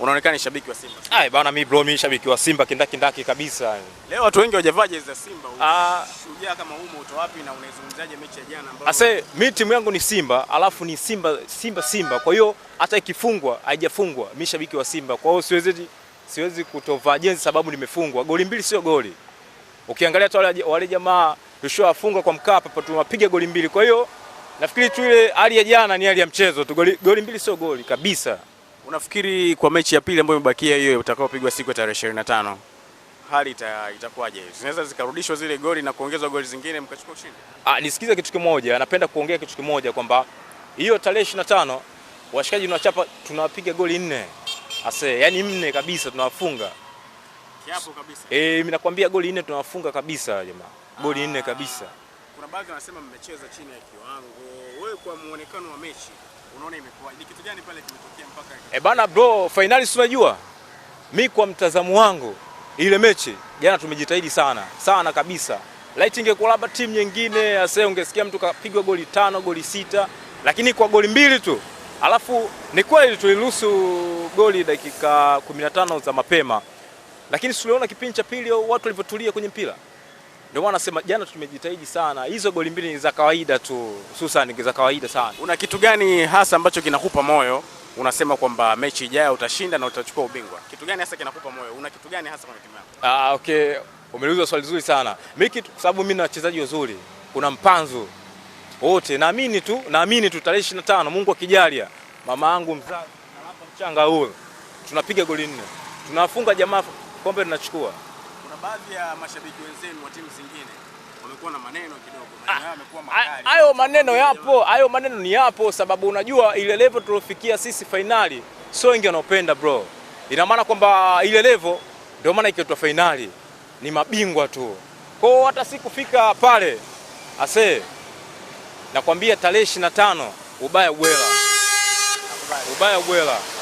unaonekana ni shabiki wa Simba. Ah, bwana mimi bro, mimi shabiki wa Simba kindaki kindaki kabisa. Leo watu wengi hawajavaa jezi za Simba. Ah, shujaa kama humo uto wapi na unaizungumzaje mechi ya jana ambayo? Ase, mimi timu yangu ni Simba, alafu ni Simba Simba Simba. Kwa hiyo hata ikifungwa haijafungwa, mimi shabiki wa Simba. Kwa hiyo siwezi siwezi kutovaa jezi sababu nimefungwa. Goli mbili sio goli. Ukiangalia tu wale jamaa afunga kwa Mkapa hapo tumapiga goli mbili. Kwa hiyo nafikiri tu ile hali ya jana ni hali ya mchezo tu. Goli, goli mbili sio goli kabisa. Unafikiri kwa mechi ya pili ambayo imebakia hiyo itakayopigwa siku ya tarehe 25 hali ita, itakuwaje? Zinaweza zikarudishwa zile goli na kuongezwa goli zingine mkachukua ushindi? Ah, nisikize kitu kimoja, napenda kuongea kitu kimoja kwamba hiyo tarehe 25 washikaji tunachapa, tunawapiga goli nne ase, yani nne kabisa tunawafunga kiapo kabisa. Eh, mimi nakwambia goli nne tunawafunga kabisa jamaa, goli nne ah, kabisa. Kuna baadhi wanasema mmecheza chini ya kiwango. Wewe kwa muonekano wa mechi unaona imekuwa ni kitu gani pale kimetokea mpaka eh bana bro, finali si unajua, mi kwa mtazamo wangu ile mechi jana tumejitahidi sana sana kabisa. Laiti ingekuwa labda timu nyingine ase, ungesikia mtu kapigwa goli tano goli sita, lakini kwa goli mbili tu. Alafu ni kweli tuliruhusu goli dakika 15 za mapema, lakini suliona kipindi cha pili watu walivyotulia kwenye mpira. Ndio maana nasema jana tumejitahidi sana. Hizo goli mbili ni za kawaida tu, hususan ni za kawaida sana. Una kitu gani hasa ambacho kinakupa moyo unasema kwamba mechi ijayo utashinda na utachukua ubingwa? Kitu gani hasa kinakupa moyo? Una kitu gani hasa kwenye timu yako? Ah, okay, umeuliza swali zuri sana. Mimi kwa sababu mimi na wachezaji wazuri, kuna mpanzo wote, naamini tu, naamini tu tarehe 25 Mungu akijalia, mama yangu mzazi na hapa mchanga huo, tunapiga goli nne, tunafunga jamaa, kombe tunachukua baadhi ya mashabiki wenzenu wa timu zingine wamekuwa na maneno kidogo, ah, maneno yao yamekuwa makali. Hayo maneno yapo, hayo maneno ni yapo, sababu unajua ile level tuliofikia sisi fainali sio wengi wanaopenda bro. Ina maana kwamba ile level ndio maana ikiitwa fainali ni mabingwa tu. Kwa hiyo hata sikufika pale ase, nakwambia tarehe 25 ubaya gwela, ubaya gwela.